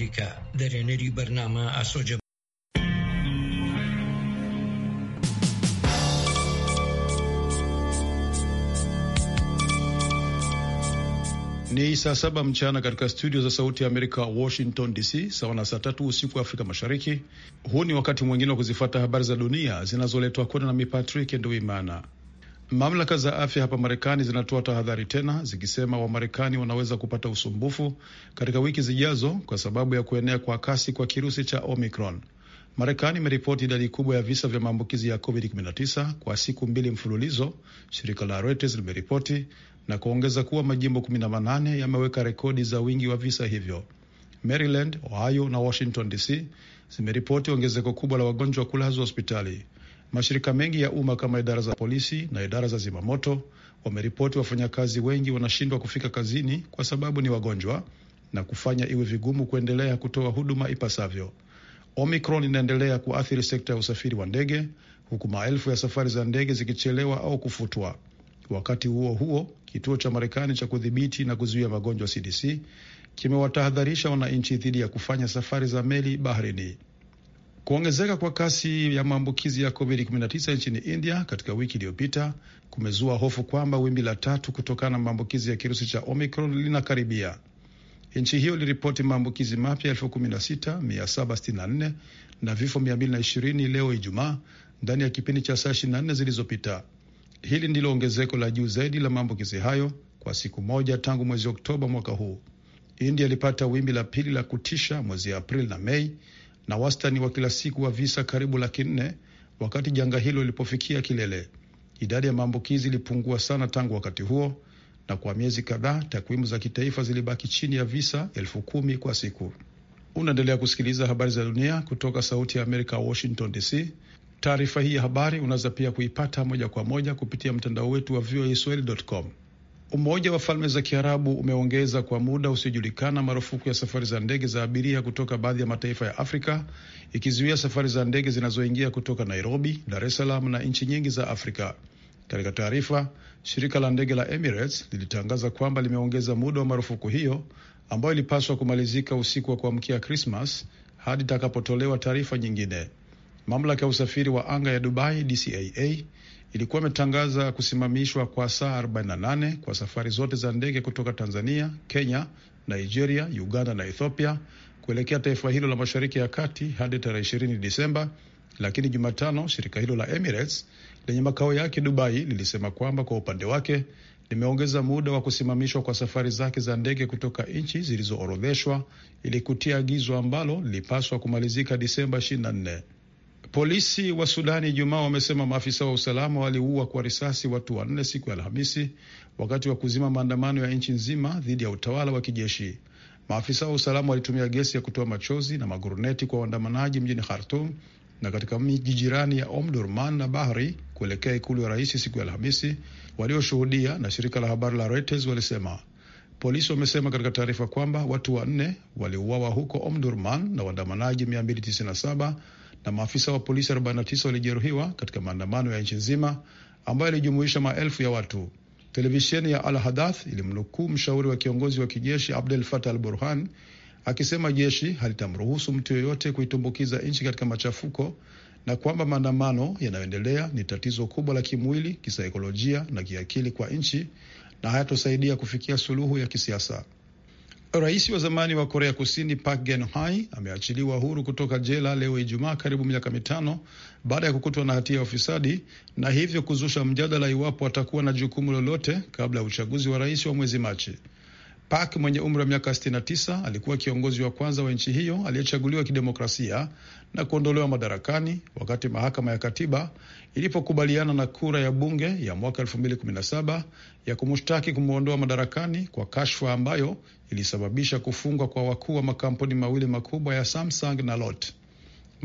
Amerika Ni saa saba mchana katika studio za sauti ya Amerika, Washington DC, sawa na saa tatu usiku wa Afrika Mashariki. Huu ni wakati mwingine wa kuzifata habari za dunia zinazoletwa kwenu nami Patrick Nduimana. Mamlaka za afya hapa Marekani zinatoa tahadhari tena zikisema Wamarekani wanaweza kupata usumbufu katika wiki zijazo kwa sababu ya kuenea kwa kasi kwa kirusi cha Omicron. Marekani imeripoti idadi kubwa ya visa vya maambukizi ya COVID-19 kwa siku mbili mfululizo, shirika la Reuters limeripoti na kuongeza kuwa majimbo 18 yameweka rekodi za wingi wa visa hivyo. Maryland, Ohio na Washington DC zimeripoti ongezeko kubwa la wagonjwa kulazwa hospitali. Mashirika mengi ya umma kama idara za polisi na idara za zimamoto wameripoti wafanyakazi wengi wanashindwa kufika kazini kwa sababu ni wagonjwa na kufanya iwe vigumu kuendelea kutoa huduma ipasavyo. Omicron inaendelea kuathiri sekta ya usafiri wa ndege huku maelfu ya safari za ndege zikichelewa au kufutwa. Wakati huo huo, kituo cha Marekani cha kudhibiti na kuzuia magonjwa CDC kimewatahadharisha wananchi dhidi ya kufanya safari za meli baharini. Kuongezeka kwa kasi ya maambukizi ya COVID-19 nchini India katika wiki iliyopita kumezua hofu kwamba wimbi la tatu kutokana na maambukizi ya kirusi cha Omicron linakaribia. Nchi hiyo iliripoti maambukizi mapya 16764 na vifo 220 leo Ijumaa, ndani ya kipindi cha saa 24 zilizopita. Hili ndilo ongezeko la juu zaidi la maambukizi hayo kwa siku moja tangu mwezi Oktoba mwaka huu. India ilipata wimbi la pili la kutisha mwezi Aprili na Mei na wastani wa kila siku wa visa karibu laki nne wakati janga hilo lilipofikia kilele. Idadi ya maambukizi ilipungua sana tangu wakati huo, na kwa miezi kadhaa takwimu za kitaifa zilibaki chini ya visa elfu kumi kwa siku. Unaendelea kusikiliza habari za dunia kutoka Sauti ya Amerika, Washington DC. Taarifa hii ya habari unaweza pia kuipata moja kwa moja kupitia mtandao wetu wa voaswahili.com. Umoja wa Falme za Kiarabu umeongeza kwa muda usiojulikana marufuku ya safari za ndege za abiria kutoka baadhi ya mataifa ya Afrika, ikizuia safari za ndege zinazoingia kutoka Nairobi, Dar es Salaam na nchi nyingi za Afrika. Katika taarifa, shirika la ndege la Emirates lilitangaza kwamba limeongeza muda wa marufuku hiyo ambayo ilipaswa kumalizika usiku wa kuamkia Krismas hadi itakapotolewa taarifa nyingine. Mamlaka ya usafiri wa anga ya Dubai, DCAA, ilikuwa imetangaza kusimamishwa kwa saa 48 kwa safari zote za ndege kutoka Tanzania, Kenya, Nigeria, Uganda na Ethiopia kuelekea taifa hilo la Mashariki ya Kati hadi tarehe 20 Disemba. Lakini Jumatano, shirika hilo la Emirates lenye makao yake Dubai lilisema kwamba kwa upande wake limeongeza muda wa kusimamishwa kwa safari zake za ndege kutoka nchi zilizoorodheshwa ili kutia agizo ambalo lilipaswa kumalizika Disemba 24. Polisi wa Sudani Ijumaa wamesema maafisa wa usalama waliua kwa risasi watu wanne siku ya Alhamisi wakati wa kuzima maandamano ya nchi nzima dhidi ya utawala wa kijeshi. Maafisa wa usalama walitumia gesi ya kutoa machozi na maguruneti kwa waandamanaji mjini Khartum na katika miji jirani ya Omdurman na Bahri kuelekea ikulu ya rais siku ya Alhamisi. Walioshuhudia na shirika la habari la Reuters walisema polisi wamesema katika taarifa kwamba watu wanne waliuawa huko Omdurman na waandamanaji 297 na maafisa wa polisi 49 walijeruhiwa katika maandamano ya nchi nzima ambayo yalijumuisha maelfu ya watu. Televisheni ya Al Hadath ilimnukuu mshauri wa kiongozi wa kijeshi Abdel Fatah Al Burhan akisema jeshi halitamruhusu mtu yoyote kuitumbukiza nchi katika machafuko na kwamba maandamano yanayoendelea ni tatizo kubwa la kimwili, kisaikolojia na kiakili kwa nchi na hayatosaidia kufikia suluhu ya kisiasa. Rais wa zamani wa Korea Kusini Park Geun-hye ameachiliwa huru kutoka jela leo Ijumaa, karibu miaka mitano baada ya kukutwa na hatia ya ufisadi na hivyo kuzusha mjadala iwapo atakuwa na jukumu lolote kabla ya uchaguzi wa rais wa mwezi Machi. Park mwenye umri wa miaka 69 alikuwa kiongozi wa kwanza wa nchi hiyo aliyechaguliwa kidemokrasia na kuondolewa madarakani wakati mahakama ya katiba ilipokubaliana na kura ya bunge ya mwaka 2017 ya kumshtaki kumwondoa madarakani kwa kashfa ambayo ilisababisha kufungwa kwa wakuu wa makampuni mawili makubwa ya Samsung na Lot.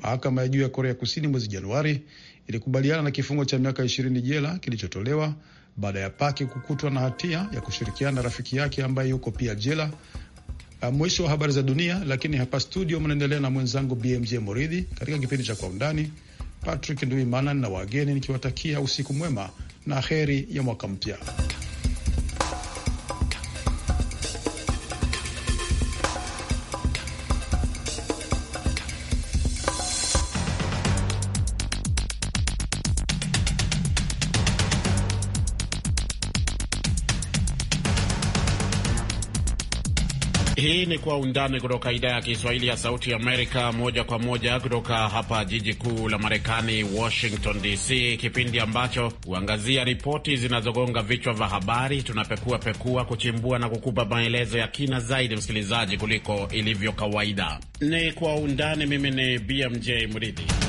Mahakama ya juu ya Korea Kusini mwezi Januari ilikubaliana na kifungo cha miaka 20 jela kilichotolewa baada ya Paki kukutwa na hatia ya kushirikiana na rafiki yake ambaye yuko pia jela. Ah, mwisho wa habari za dunia, lakini hapa studio mnaendelea na mwenzangu BMJ Moridhi katika kipindi cha Kwa Undani. Patrick Nduimana na wageni nikiwatakia usiku mwema na heri ya mwaka mpya. Hii ni Kwa Undani kutoka idhaa ya Kiswahili ya Sauti Amerika, moja kwa moja kutoka hapa jiji kuu la Marekani, Washington DC, kipindi ambacho huangazia ripoti zinazogonga vichwa vya habari. Tunapekua pekua, kuchimbua na kukupa maelezo ya kina zaidi, msikilizaji, kuliko ilivyo kawaida. Ni Kwa Undani. Mimi ni BMJ Mridhi.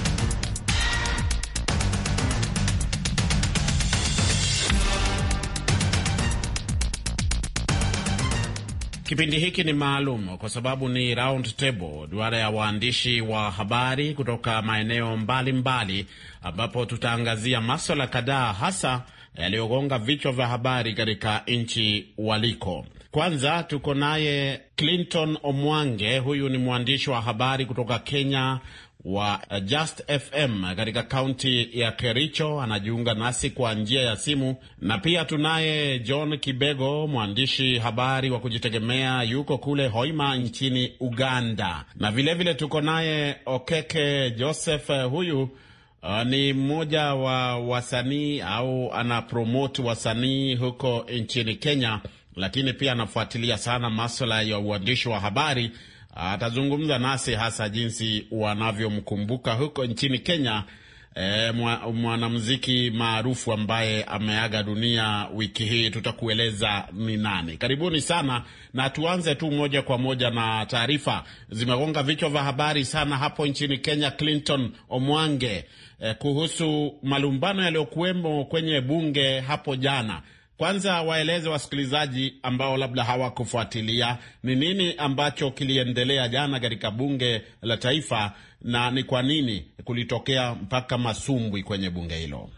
Kipindi hiki ni maalum kwa sababu ni round table, duara ya waandishi wa habari kutoka maeneo mbalimbali, ambapo tutaangazia maswala kadhaa hasa yaliyogonga vichwa vya habari katika nchi waliko. Kwanza tuko naye Clinton Omwange, huyu ni mwandishi wa habari kutoka Kenya wa Just FM katika kaunti ya Kericho anajiunga nasi kwa njia ya simu, na pia tunaye John Kibego, mwandishi habari wa kujitegemea, yuko kule Hoima nchini Uganda, na vilevile tuko naye Okeke Joseph. Huyu uh, ni mmoja wa wasanii au ana promoti wasanii huko nchini Kenya, lakini pia anafuatilia sana maswala ya uandishi wa habari atazungumza nasi hasa jinsi wanavyomkumbuka huko nchini Kenya. E, mwanamuziki maarufu ambaye ameaga dunia wiki hii, tutakueleza ni nani. Karibuni sana, na tuanze tu moja kwa moja na taarifa zimegonga vichwa vya habari sana hapo nchini Kenya. Clinton Omwange e, kuhusu malumbano yaliyokuwemo kwenye bunge hapo jana kwanza waeleze wasikilizaji ambao labda hawakufuatilia ni nini ambacho kiliendelea jana katika bunge la taifa na ni kwa nini kulitokea mpaka masumbwi kwenye bunge hilo.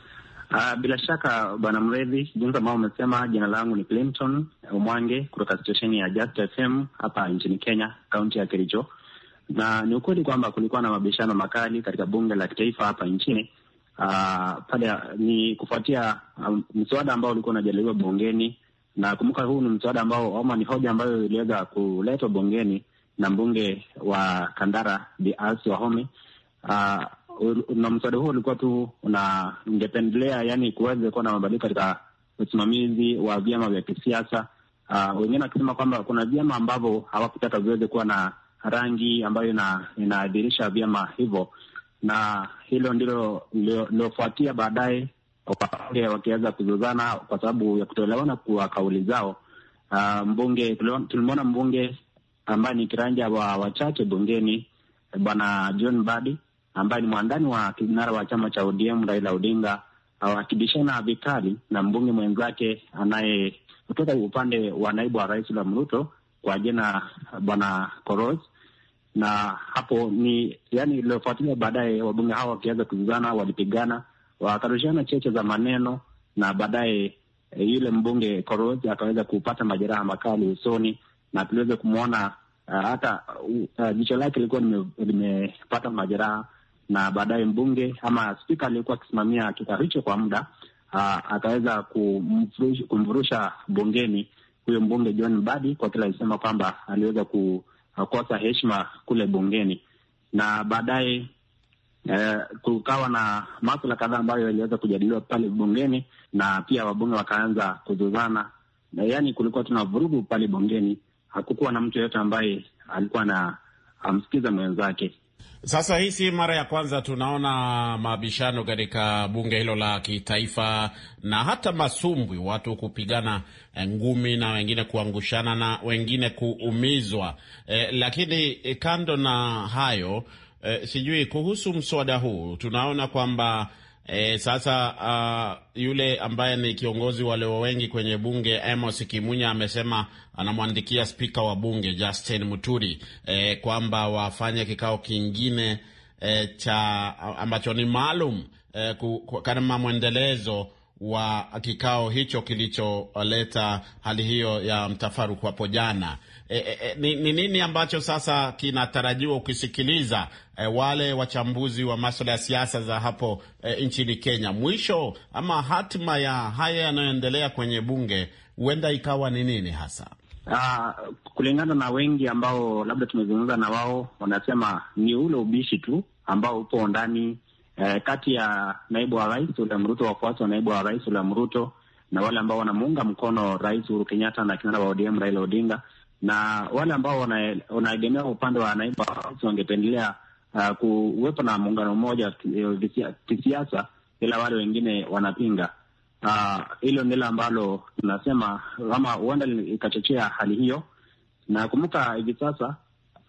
Uh, bila shaka bwana Mredhi, jinsi ambao umesema, jina langu ni Clinton Umwange kutoka stesheni ya Just FM hapa nchini Kenya, kaunti ya Kericho, na ni ukweli kwamba kulikuwa na mabishano makali katika bunge la kitaifa hapa nchini uh, pale ni kufuatia um, mswada ambao ulikuwa unajadiliwa bungeni, na kumbuka, huu ni mswada ambao ama ni hoja ambayo iliweza kuletwa bungeni na mbunge wa Kandara Bi Alice Wahome uh, na mswada huo ulikuwa tu una ingependelea yani kuweze kuwa na mabadiliko katika usimamizi wa vyama vya kisiasa uh, wengine wakisema kwamba kuna vyama ambavyo hawakutaka viweze kuwa na rangi ambayo inaadhirisha vyama hivyo, na hilo ndilo lilofuatia baadaye, wabunge wakianza kuzozana kwa sababu ya kutoelewana kwa kauli zao. Uh, mbunge tulimwona mbunge ambaye ni kiranja wa wachache bungeni Bwana John Badi ambaye ni mwandani wa kinara wa chama cha ODM Raila Odinga awakibishana vikali na mbunge mwenzake anaye kutoka upande wa naibu wa rais William Ruto kwa jina Bwana Koros na hapo ni yani, iliyofuatilia baadaye, wabunge hao wakianza kuzuzana, walipigana, wakarushiana cheche za maneno, na baadaye eh, yule mbunge Koroj akaweza kupata majeraha makali usoni na tuliweza kumwona eh, hata uh, jicho lake lilikuwa limepata majeraha, na baadaye mbunge ama spika aliyekuwa akisimamia kikao hicho kwa muda uh, akaweza kumvurusha bungeni huyo mbunge John Mbadi kwa kile alisema kwamba aliweza ku kukosa heshima kule bungeni, na baadaye eh, kukawa na maswala kadhaa ambayo yaliweza kujadiliwa pale bungeni, na pia wabunge wakaanza kuzozana, yaani kulikuwa tuna vurugu pale bungeni. Hakukuwa na mtu yeyote ambaye alikuwa na amsikiza mwenzake. Sasa hii si mara ya kwanza tunaona mabishano katika bunge hilo la kitaifa, na hata masumbwi, watu kupigana eh, ngumi na wengine kuangushana na wengine kuumizwa. Eh, lakini eh, kando na hayo eh, sijui kuhusu mswada huu tunaona kwamba E, sasa uh, yule ambaye ni kiongozi walio wengi kwenye bunge Amos Kimunya amesema anamwandikia spika wa bunge Justin Muturi e, kwamba wafanye kikao kingine e, cha ambacho ni maalum e, kama mwendelezo wa kikao hicho kilicholeta hali hiyo ya mtafaruku hapo jana. E, e, e, ni, ni nini ambacho sasa kinatarajiwa ukisikiliza e, wale wachambuzi wa masuala ya siasa za hapo e, nchini Kenya? Mwisho ama hatima ya haya yanayoendelea kwenye bunge huenda ikawa ni nini hasa? Uh, kulingana na wengi ambao labda tumezungumza na wao, wanasema ni ule ubishi tu ambao upo ndani eh, kati ya naibu wa rais William Ruto, wafuasi wa naibu wa rais William Ruto na wale ambao wanamuunga mkono rais Uhuru Kenyatta na kinara wa ODM Raila Odinga na wale ambao wanaegemea upande wa naibu wa rais wangependelea uh, kuwepo na muungano mmoja eh, kisiasa, ila wale wengine wanapinga ah, hilo. Uh, ndilo ambalo tunasema ama huenda ikachochea hali hiyo. Na kumbuka hivi sasa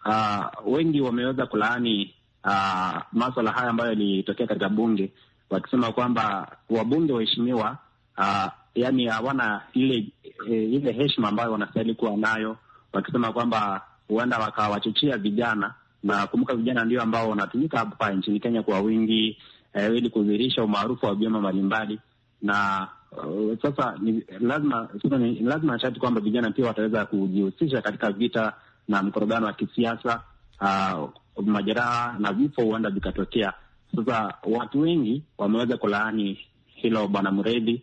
uh, wengi wameweza kulaani uh, maswala haya ambayo yalitokea katika bunge, wakisema kwamba wabunge waheshimiwa, uh, yani hawana ile e, ile heshima ambayo wanastahili kuwa nayo, wakisema kwamba huenda wakawachochea vijana, na kumbuka vijana ndio ambao wanatumika hapa nchini Kenya kwa wingi eh, ili kudhihirisha umaarufu wa vyama mbalimbali na Uh, sasa ni lazima sasa ni lazima nashati kwamba vijana pia wataweza kujihusisha katika vita na mkorogano wa kisiasa uh, majeraha na vifo huenda vikatokea. Sasa watu wengi wameweza kulaani hilo Bwana Mredhi,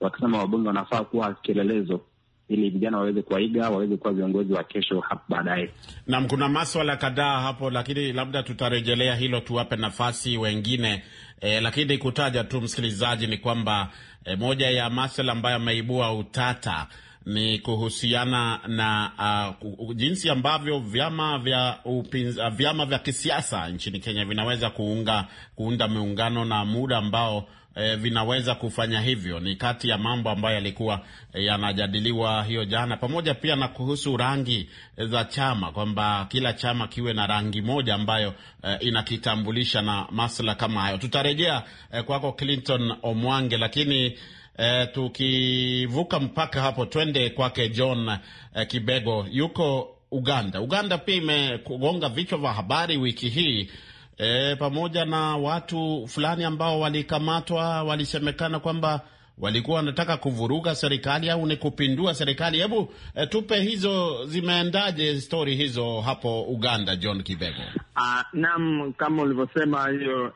wakisema wabunge wanafaa kuwa kielelezo ili vijana waweze kuwaiga waweze kuwa viongozi wa kesho hapo baadaye. Naam, kuna maswala kadhaa hapo, lakini labda tutarejelea hilo, tuwape nafasi wengine e, lakini kutaja tu msikilizaji ni kwamba e, moja ya maswala ambayo ameibua utata ni kuhusiana na uh, jinsi ambavyo vyama vya upinz, uh, vyama vya kisiasa nchini Kenya vinaweza kuunga, kuunda miungano na muda ambao E, vinaweza kufanya hivyo. Ni kati ya mambo ambayo yalikuwa e, yanajadiliwa hiyo jana, pamoja pia na kuhusu rangi eh, za chama, kwamba kila chama kiwe na rangi moja ambayo e, inakitambulisha na masuala kama hayo. Tutarejea e, kwako Clinton Omwange, lakini E, tukivuka mpaka hapo twende kwake John e, Kibego yuko Uganda. Uganda pia imegonga vichwa vya habari wiki hii e, pamoja na watu fulani ambao walikamatwa, walisemekana kwamba walikuwa wanataka kuvuruga serikali au ni kupindua serikali. Hebu e, tupe hizo zimeendaje, stori hizo hapo Uganda, John Kibego? Uh, naam, kama ulivyosema hiyo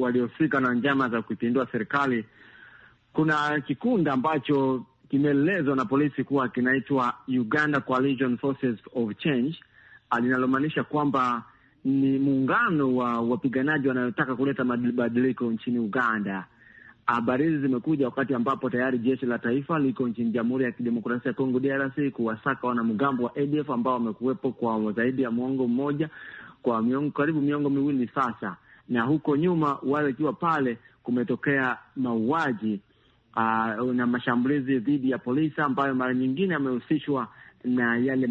waliohusika na njama za kuipindua serikali kuna kikundi ambacho kimeelezwa na polisi kuwa kinaitwa Uganda Coalition Forces of Change, ah, linalomaanisha kwamba ni muungano wa wapiganaji wanayotaka kuleta mabadiliko nchini Uganda. Habari hizi zimekuja wakati ambapo tayari jeshi la taifa liko nchini Jamhuri ya Kidemokrasia ya Kongo, DRC, kuwasaka wanamgambo wa ADF ambao wamekuwepo kwa zaidi ya mwongo mmoja, kwa miongo, karibu miongo miwili sasa, na huko nyuma wale ikiwa pale kumetokea mauaji uh, ah, na mashambulizi dhidi ya polisi ambayo mara nyingine amehusishwa na yale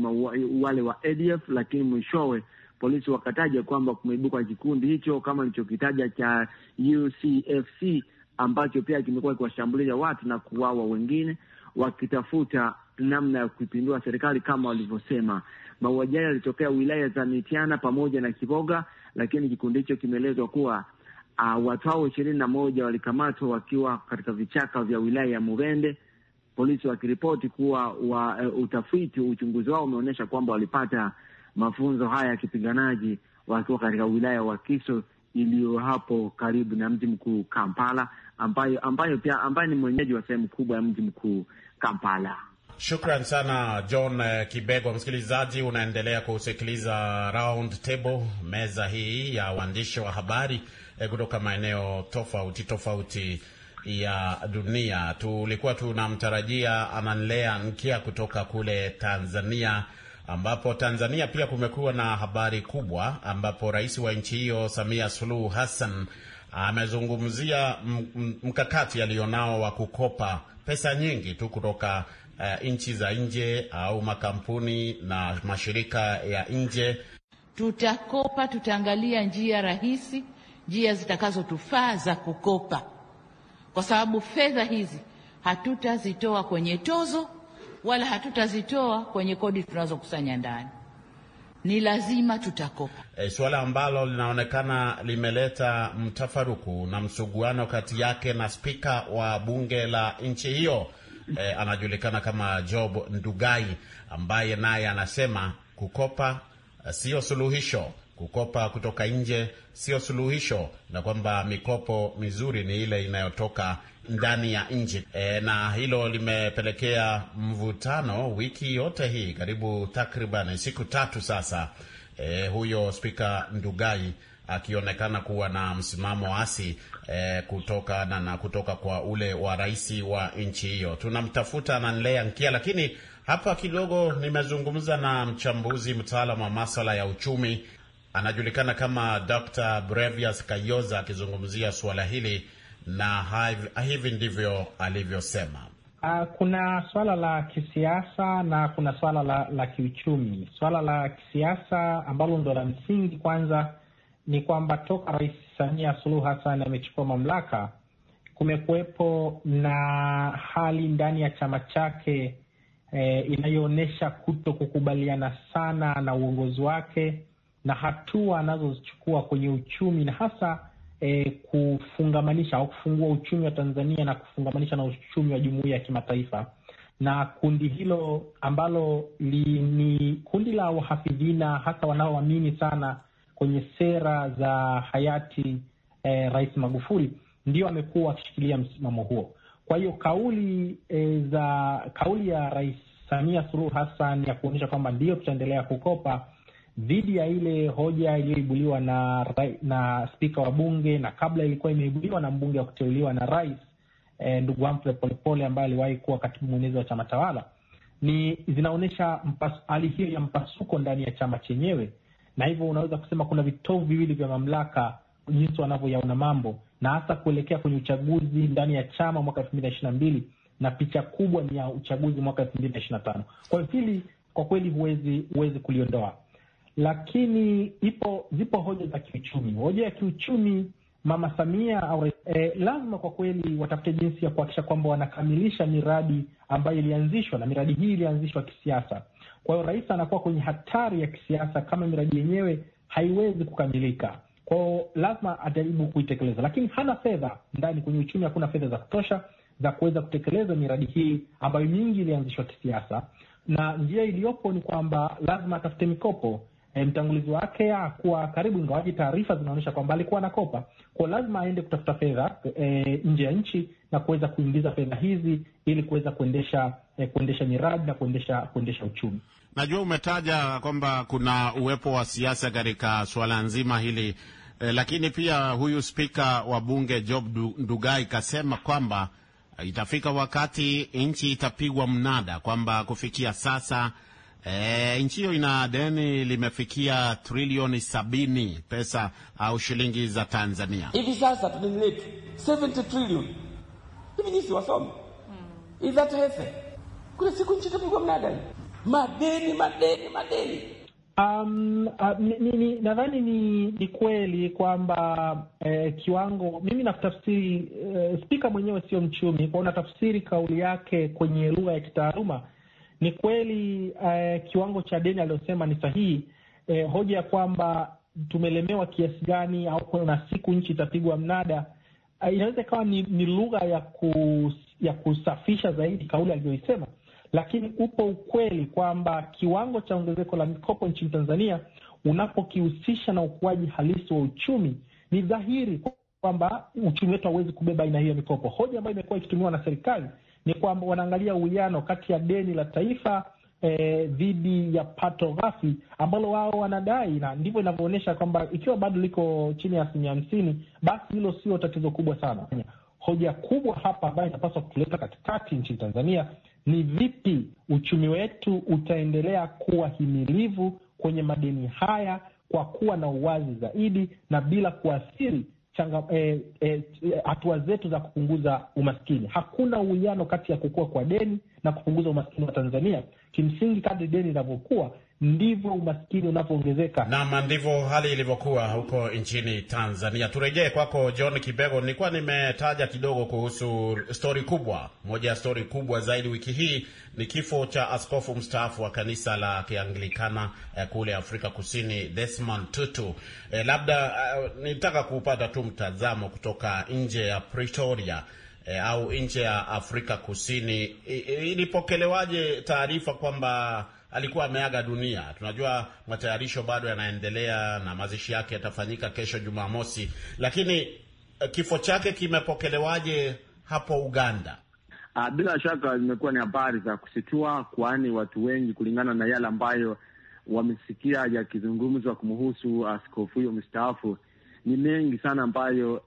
wale wa ADF, lakini mwishowe polisi wakataja kwamba kumeibuka kikundi hicho kama ilichokitaja cha UCFC ambacho pia kimekuwa kiwashambulia watu na kuwawa wengine, wakitafuta namna ya kuipindua serikali kama walivyosema. Mauaji hayo yalitokea wilaya za Mitiana pamoja na Kiboga, lakini kikundi hicho kimeelezwa kuwa Uh, watu hao ishirini na moja walikamatwa wakiwa katika vichaka vya wilaya ya Mubende, polisi wakiripoti kuwa wa, uh, utafiti uchunguzi wao umeonyesha kwamba walipata mafunzo haya ya kipiganaji wakiwa katika wilaya wa kiso iliyo hapo karibu na mji mkuu Kampala, ambayo ambayo pia ambaye ni mwenyeji wa sehemu kubwa ya mji mkuu Kampala. Shukran sana John eh, Kibego. Msikilizaji, unaendelea kusikiliza Round Table, meza hii ya waandishi wa habari Eh, kutoka maeneo tofauti tofauti ya dunia. Tulikuwa tunamtarajia Ananlea Nkia kutoka kule Tanzania, ambapo Tanzania pia kumekuwa na habari kubwa, ambapo rais wa nchi hiyo Samia Suluhu Hassan amezungumzia mkakati alionao wa kukopa pesa nyingi tu kutoka uh, nchi za nje au makampuni na mashirika ya nje. Tutakopa, tutaangalia njia rahisi njia zitakazotufaa za kukopa, kwa sababu fedha hizi hatutazitoa kwenye tozo wala hatutazitoa kwenye kodi tunazokusanya ndani ni lazima tutakopa. E, suala ambalo linaonekana limeleta mtafaruku na msuguano kati yake na spika wa bunge la nchi hiyo e, anajulikana kama Job Ndugai ambaye naye anasema kukopa e, sio suluhisho kukopa kutoka nje sio suluhisho, na kwamba mikopo mizuri ni ile inayotoka ndani ya nchi e, na hilo limepelekea mvutano wiki yote hii karibu takriban siku tatu sasa. E, huyo Spika Ndugai akionekana kuwa na msimamo asi e, kutoka na, na kutoka kwa ule wa rais wa nchi hiyo. Tunamtafuta Nanlea Nkia, lakini hapa kidogo nimezungumza na mchambuzi mtaalamu wa maswala ya uchumi anajulikana kama Dr. Brevias Kayoza akizungumzia suala hili na hivi ndivyo alivyosema. Uh, kuna swala la kisiasa na kuna swala la, la kiuchumi. Swala la kisiasa ambalo ndo la msingi kwanza ni kwamba toka Rais Samia Suluhu Hassan amechukua mamlaka, kumekuwepo na hali ndani ya chama chake eh, inayoonyesha kuto kukubaliana sana na uongozi wake na hatua anazozichukua kwenye uchumi na hasa e, kufungamanisha au kufungua uchumi wa Tanzania na kufungamanisha na uchumi wa jumuiya ya kimataifa. Na kundi hilo ambalo li, ni kundi la wahafidhina hasa wanaoamini sana kwenye sera za hayati e, Rais Magufuli ndio amekuwa akishikilia msimamo huo. Kwa hiyo kauli e, za kauli ya Rais Samia Suluhu Hassan ya kuonyesha kwamba ndio tutaendelea kukopa dhidi ya ile hoja iliyoibuliwa na na spika wa bunge na kabla ilikuwa imeibuliwa na mbunge wa kuteuliwa na rais e, ndugu Humphrey Polepole ambaye aliwahi kuwa katibu mwenezi wa chama tawala, ni zinaonyesha hali hiyo ya mpasuko ndani ya chama chenyewe, na hivyo unaweza kusema kuna vitovu viwili vya mamlaka jinsi wanavyoyaona mambo, na hasa kuelekea kwenye uchaguzi ndani ya chama mwaka elfu mbili na ishirini na mbili na picha kubwa ni ya uchaguzi mwaka elfu mbili na ishirini na tano. Kwa hiyo hili kwa kweli huwezi huwezi kuliondoa lakini ipo zipo hoja za kiuchumi. Hoja ya kiuchumi, Mama Samia au eh, lazima kwa kweli watafute jinsi ya kuhakikisha kwamba wanakamilisha miradi ambayo ilianzishwa, na miradi hii ilianzishwa kisiasa. Kwa hiyo rais anakuwa kwenye hatari ya kisiasa kama miradi yenyewe haiwezi kukamilika. kwao, lazima ajaribu kuitekeleza, lakini hana fedha ndani. Kwenye uchumi hakuna fedha za kutosha za kuweza kutekeleza miradi hii ambayo mingi ilianzishwa kisiasa, na njia iliyopo ni kwamba lazima atafute mikopo e, mtangulizi wake akuwa karibu, ingawaji taarifa zinaonyesha kwamba alikuwa anakopa, kwa lazima aende kutafuta fedha e, nje ya nchi na kuweza kuingiza fedha hizi ili kuweza kuendesha e, kuendesha miradi na kuendesha kuendesha uchumi. Najua umetaja kwamba kuna uwepo wa siasa katika suala nzima hili e, lakini pia huyu spika wa bunge Job Ndugai kasema kwamba itafika wakati nchi itapigwa mnada, kwamba kufikia sasa E, nchi hiyo ina deni limefikia trilioni sabini pesa au shilingi za Tanzania. Hivi sasa deni letu 70 trillion. Hivi nisi wasome. Mm. Is Kuna siku nchi tutakuwa mnadai. Madeni, madeni, madeni. Um, uh, nadhani ni ni kweli kwamba eh, kiwango mimi natafsiri eh, spika mwenyewe sio mchumi kwao, natafsiri kauli yake kwenye lugha ya kitaaluma ni kweli uh, kiwango cha deni aliyosema ni sahihi. Eh, hoja ya kwamba tumelemewa kiasi gani au kuna siku nchi itapigwa mnada uh, inaweza ikawa ni, ni lugha ya, kus, ya kusafisha zaidi kauli aliyoisema, lakini upo ukweli kwamba kiwango cha ongezeko la mikopo nchini Tanzania unapokihusisha na ukuaji halisi wa uchumi, ni dhahiri kwamba uchumi wetu hauwezi kubeba aina hiyo ya mikopo. Hoja ambayo imekuwa ikitumiwa na serikali ni kwamba wanaangalia uwiano kati ya deni la taifa eh, dhidi eh, ya pato ghafi ambalo wao wanadai, na ndivyo inavyoonyesha kwamba ikiwa bado liko chini ya asilimia hamsini, basi hilo sio tatizo kubwa sana. Hoja kubwa hapa ambayo inapaswa kutuleta katikati nchini Tanzania ni vipi uchumi wetu utaendelea kuwa himilivu kwenye madeni haya kwa kuwa na uwazi zaidi na bila kuathiri Eh, eh, hatua e, e, zetu za kupunguza umaskini. Hakuna uwiano kati ya kukua kwa deni na kupunguza umaskini wa Tanzania. Kimsingi, kadri deni linavyokuwa ndivyo umaskini unavyoongezeka. Naam, ndivyo hali ilivyokuwa huko nchini Tanzania. Turejee kwako John Kibego. Nilikuwa nimetaja kidogo kuhusu stori kubwa moja, ya stori kubwa zaidi wiki hii ni kifo cha askofu mstaafu wa kanisa la Kianglikana eh, kule Afrika Kusini, Desmond Tutu. Eh, labda eh, nitaka kupata tu mtazamo kutoka nje ya Pretoria E, au nje ya Afrika Kusini, ilipokelewaje taarifa kwamba alikuwa ameaga dunia. Tunajua matayarisho bado yanaendelea na mazishi yake yatafanyika kesho Jumamosi, lakini eh, kifo chake kimepokelewaje hapo Uganda? Ah, bila shaka zimekuwa ni habari za kusitua, kwani watu wengi, kulingana na yale ambayo wamesikia yakizungumzwa kumhusu askofu huyo mstaafu, ni mengi sana ambayo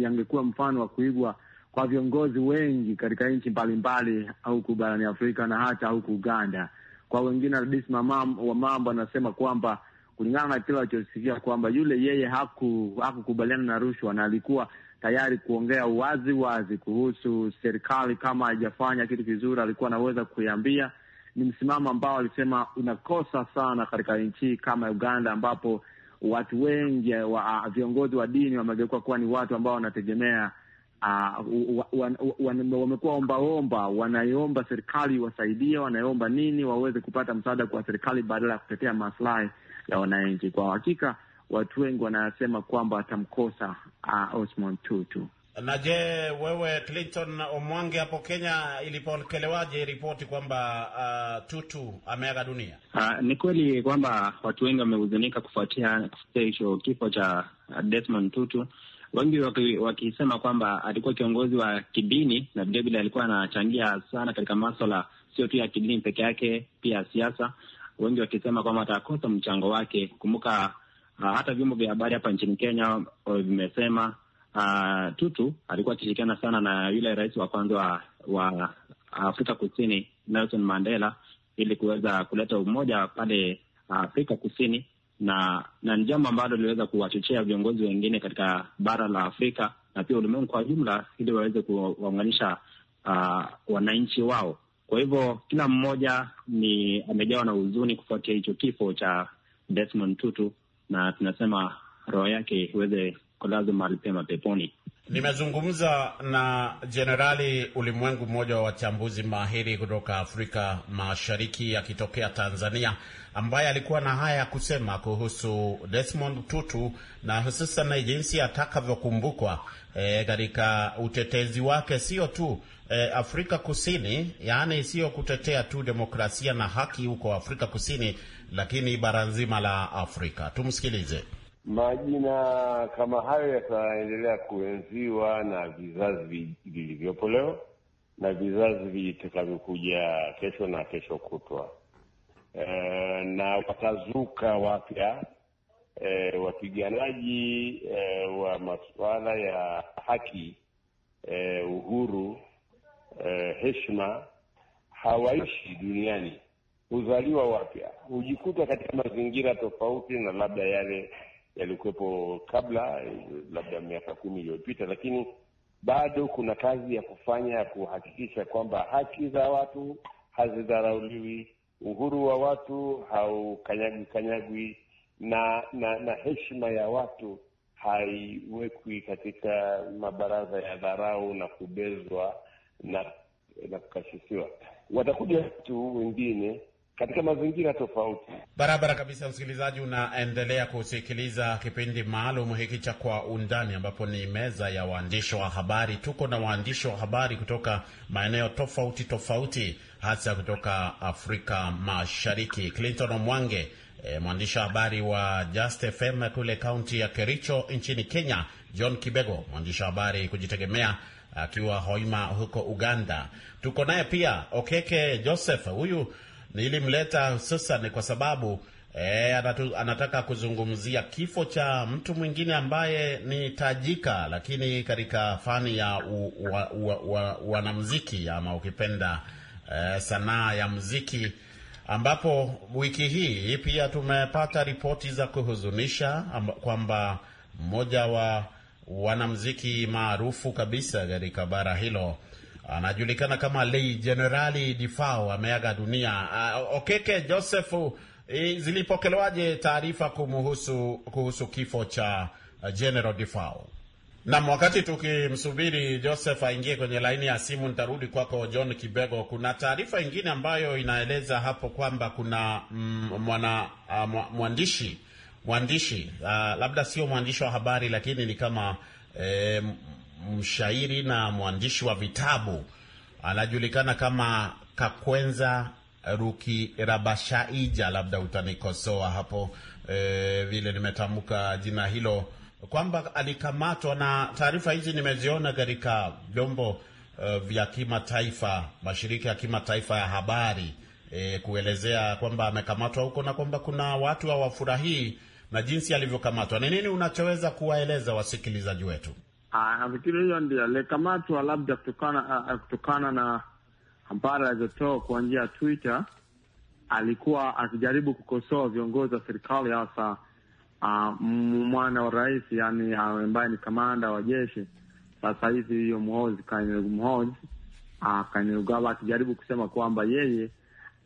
yangekuwa mfano wa kuigwa kwa viongozi wengi katika nchi mbalimbali, huku barani Afrika na hata huku Uganda. Kwa wengine radis wa mambo anasema kwamba kulingana na kile alichosikia kwamba yule yeye hakukubaliana haku na rushwa na alikuwa tayari kuongea wazi wazi kuhusu serikali kama haijafanya kitu kizuri, alikuwa anaweza kuiambia. Ni msimamo ambao alisema unakosa sana katika nchi kama Uganda, ambapo watu wengi wa, viongozi wa dini wamegeuka kuwa ni watu ambao wanategemea Ah, wamekuwa ombaomba, wanaiomba serikali wasaidie, wanaomba nini waweze kupata msaada kwa serikali badala ya kutetea maslahi ya wananchi. Kwa hakika watu wengi wanasema kwamba watamkosa uh, ah, Osman Tutu. Na je, wewe Clinton Omwange hapo Kenya, ilipokelewaje ripoti kwamba uh, Tutu ameaga dunia? Uh, ni kweli kwamba watu wengi wamehuzunika kufuatia hicho kifo cha Desmond Tutu wengi wakisema kwamba alikuwa kiongozi wa kidini na vilevile alikuwa anachangia sana katika maswala sio tu ya kidini peke yake, pia ya siasa, wengi wakisema kwamba atakosa mchango wake. Kumbuka uh, hata vyombo vya habari hapa nchini Kenya ah, vimesema uh, Tutu alikuwa akishirikiana sana na yule rais wa kwanza wa, wa Afrika Kusini Nelson Mandela ili kuweza kuleta umoja pale Afrika Kusini na na ni jambo ambalo liliweza kuwachochea viongozi wengine katika bara la Afrika na pia ulimwengu kwa jumla, ili waweze kuwaunganisha uh, wananchi wao. Kwa hivyo kila mmoja ni amejawa na huzuni kufuatia hicho kifo cha Desmond Tutu, na tunasema roho yake iweze kulazwa mahali pema peponi. Nimezungumza na Jenerali Ulimwengu, mmoja wa wachambuzi mahiri kutoka Afrika Mashariki akitokea Tanzania, ambaye alikuwa na haya ya kusema kuhusu Desmond Tutu na hususan jinsi atakavyokumbukwa e, katika utetezi wake sio tu e, Afrika Kusini, yaani sio kutetea tu demokrasia na haki huko Afrika Kusini, lakini bara nzima la Afrika. Tumsikilize. Majina kama hayo yataendelea kuenziwa na vizazi vilivyopo leo na vizazi vitakavyokuja kesho na kesho kutwa. E, na watazuka wapya e, wapiganaji e, wa masuala ya haki e, uhuru e, heshima hawaishi duniani, huzaliwa wapya, hujikuta katika mazingira tofauti na labda yale yalikuwepo kabla, eh, labda miaka kumi iliyopita, lakini bado kuna kazi ya kufanya ya kuhakikisha kwamba haki za watu hazidharauliwi, uhuru wa watu haukanyagwi kanyagwi, na na na heshima ya watu haiwekwi katika mabaraza ya dharau na kubezwa na na kukashisiwa. Watakuja watu wengine katika mazingira tofauti. Barabara kabisa, msikilizaji, unaendelea kusikiliza kipindi maalum hiki cha Kwa Undani, ambapo ni meza ya waandishi wa habari. Tuko na waandishi wa habari kutoka maeneo tofauti tofauti, hasa kutoka Afrika Mashariki. Clinton Omwange, e, mwandishi wa habari wa Just FM kule kaunti ya Kericho nchini Kenya. John Kibego, mwandishi wa habari kujitegemea akiwa Hoima huko Uganda. Tuko naye pia Okeke Joseph, huyu nilimleta hususan kwa sababu E, anatu, anataka kuzungumzia kifo cha mtu mwingine ambaye ni tajika lakini katika fani ya wanamziki ama ukipenda e, sanaa ya muziki, ambapo wiki hii pia tumepata ripoti za kuhuzunisha kwamba mmoja wa wanamziki maarufu kabisa katika bara hilo anajulikana kama Lei Jenerali Difao ameaga dunia. Uh, ah, Okeke Josefu, zilipokelewaje taarifa kumuhusu kuhusu kifo cha ah, General Difao? Nam, wakati tukimsubiri Joseph aingie kwenye laini ya simu, nitarudi kwako kwa John Kibego. Kuna taarifa ingine ambayo inaeleza hapo kwamba kuna mm, mwana uh, mwandishi mwandishi uh, labda sio mwandishi wa habari, lakini ni kama eh, mshairi na mwandishi wa vitabu anajulikana kama Kakwenza Rabashaija, labda utanikosoa hapo e, vile nimetamka jina hilo, kwamba alikamatwa, na taarifa hizi nimeziona katika vyombo e, vya kimataifa, mashirika ya kimataifa ya habari e, kuelezea kwamba amekamatwa huko na kwamba kuna watu hawafurahii na jinsi alivyokamatwa. Ni nini unachoweza kuwaeleza wasikilizaji wetu? Ah, nafikiri hiyo ndio alikamatwa, labda kutokana ah, ah, kutokana na habari alizotoa kwa njia ya Twitter. Alikuwa akijaribu kukosoa viongozi wa serikali, hasa mwana wa rais, yani ambaye ni kamanda wa jeshi sasa hivi, hiyo Mhozi Kainerugaba Kainerugaba, akijaribu kusema kwamba yeye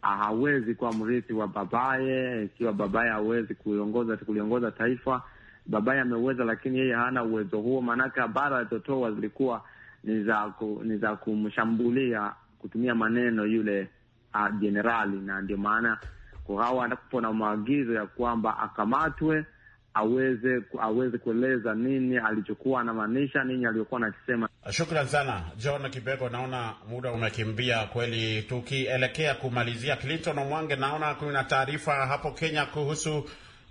hawezi kuwa mrithi wa babaye, ikiwa babaye hawezi kuliongoza kuliongoza taifa babaye ameweza, lakini yeye hana uwezo huo, maanake habari alizotoa zilikuwa ni za ni za kumshambulia kutumia maneno yule ah, jenerali, na ndio maana kuhawa atakupo na maagizo ya kwamba akamatwe aweze aweze kueleza nini alichokuwa anamaanisha, nini aliyokuwa anakisema. Shukran sana John Kibego, naona muda umekimbia kweli. Tukielekea kumalizia, Clinton Omwange, naona kuna taarifa hapo Kenya kuhusu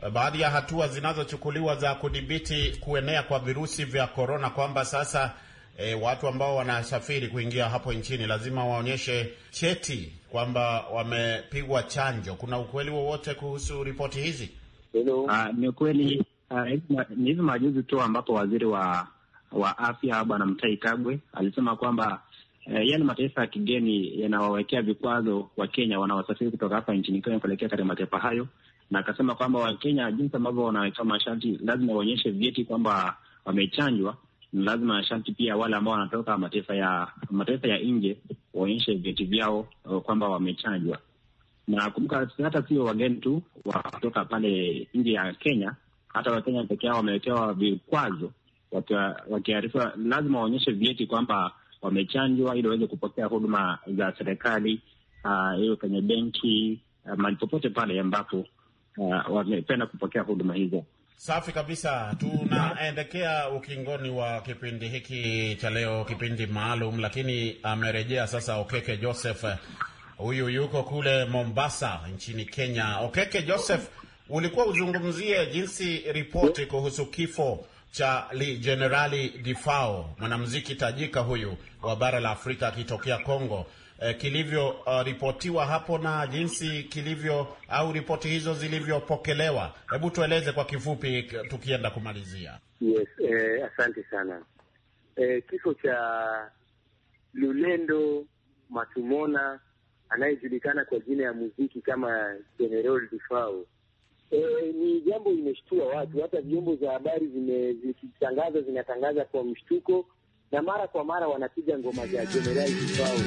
baadhi ya hatua zinazochukuliwa za kudhibiti kuenea kwa virusi vya korona kwamba sasa e, watu ambao wanasafiri kuingia hapo nchini lazima waonyeshe cheti kwamba wamepigwa chanjo. Kuna ukweli wowote kuhusu ripoti hizi? Uh, ni ukweli. Ah, ni hivi majuzi tu ambapo waziri wa wa afya Bwana mtai Kagwe alisema kwamba eh, yale mataifa ya kigeni yanawawekea vikwazo Wakenya wanaosafiri kutoka hapa nchini Kenya kuelekea katika mataifa hayo na akasema kwamba Wakenya jinsi ambavyo wanawekewa masharti, lazima waonyeshe vyeti kwamba wamechanjwa, na lazima masharti pia wale ambao wanatoka mataifa ya mataifa ya nje waonyeshe vyeti vyao uh, kwamba wamechanjwa. Na kumbuka, hata sio wageni tu kutoka pale nje ya Kenya, hata Wakenya peke yao wamewekewa vikwazo, wakiarifiwa lazima waonyeshe vyeti kwamba wamechanjwa ili waweze kupokea huduma za serikali, uh, iwe uh, kwenye benki uh, mahali popote pale ambapo Uh, wamependa kupokea huduma hizo. Safi kabisa, tunaendekea ukingoni wa kipindi hiki cha leo, kipindi maalum, lakini amerejea sasa Okeke Joseph. Huyu yuko kule Mombasa nchini Kenya. Okeke Joseph, ulikuwa uzungumzie jinsi ripoti kuhusu kifo cha li Generali Difao, mwanamuziki tajika huyu wa bara la Afrika akitokea Kongo eh, kilivyoripotiwa uh, hapo na jinsi kilivyo au ripoti hizo zilivyopokelewa. Hebu tueleze kwa kifupi, tukienda kumalizia. Yes, eh, asante sana. Eh, kifo cha Lulendo Matumona anayejulikana kwa jina ya muziki kama General Dufau E, ni jambo limeshtua watu. Hata vyombo za habari zikitangaza zinatangaza kwa mshtuko, na mara kwa mara wanapiga ngoma za Jenerali Kifao.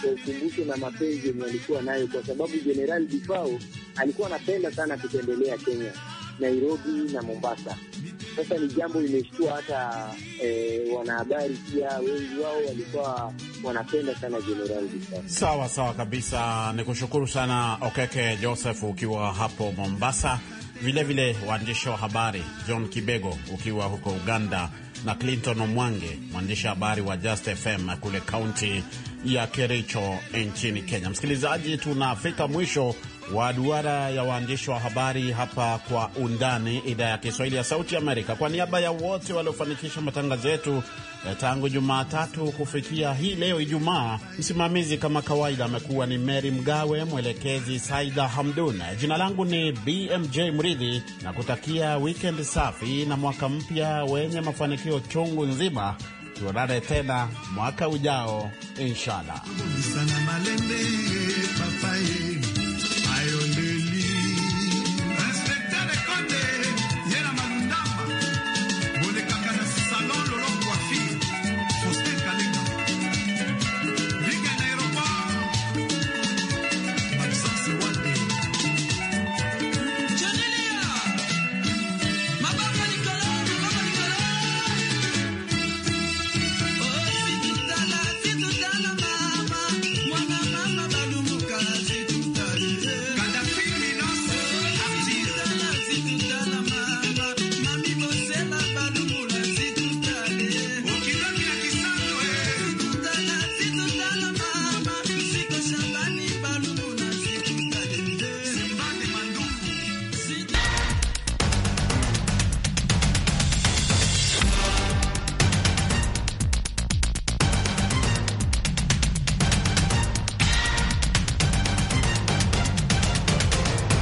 kwa na mapenzi yenye alikuwa nayo, kwa sababu Jenerali Bifao alikuwa anapenda sana kutembelea Kenya, Nairobi na Mombasa. Sasa ni jambo limeshtua hata e, wanahabari pia wengi wao walikuwa wanapenda sana Jenerali Bifao. Sawa sawa kabisa, ni kushukuru sana Okeke Joseph ukiwa hapo Mombasa, vilevile waandishi wa habari John Kibego ukiwa huko Uganda na Clinton Omwange mwandishi habari wa Just FM kule kaunti ya Kericho nchini Kenya. Msikilizaji, tunafika mwisho wa duara ya waandishi wa habari hapa kwa undani, idhaa ya Kiswahili ya Sauti Amerika. Kwa niaba ya wote waliofanikisha matangazo yetu eh, tangu Jumatatu kufikia hii leo Ijumaa, msimamizi kama kawaida amekuwa ni Mary Mgawe, mwelekezi Saida Hamdun. Jina langu ni BMJ Mridhi na kutakia wikendi safi na mwaka mpya wenye mafanikio chungu nzima tuonane tena mwaka ujao inshallah.